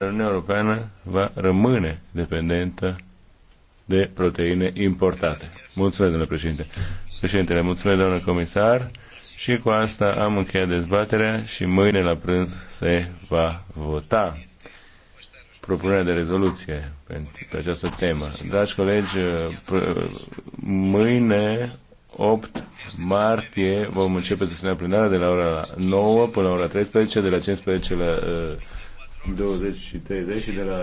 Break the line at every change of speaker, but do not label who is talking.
Uniunea Europeană va rămâne dependentă de proteine importate. Mulțumesc, domnule președinte. Președintele, mulțumesc, domnule comisar. Și cu asta am încheiat dezbaterea și mâine la prânz se va vota propunerea de rezoluție pe această temă. Dragi colegi, mâine 8 martie vom începe sesiunea plenară de la ora 9 până la ora 13, de la 15 la uh, 20 și
30 și de la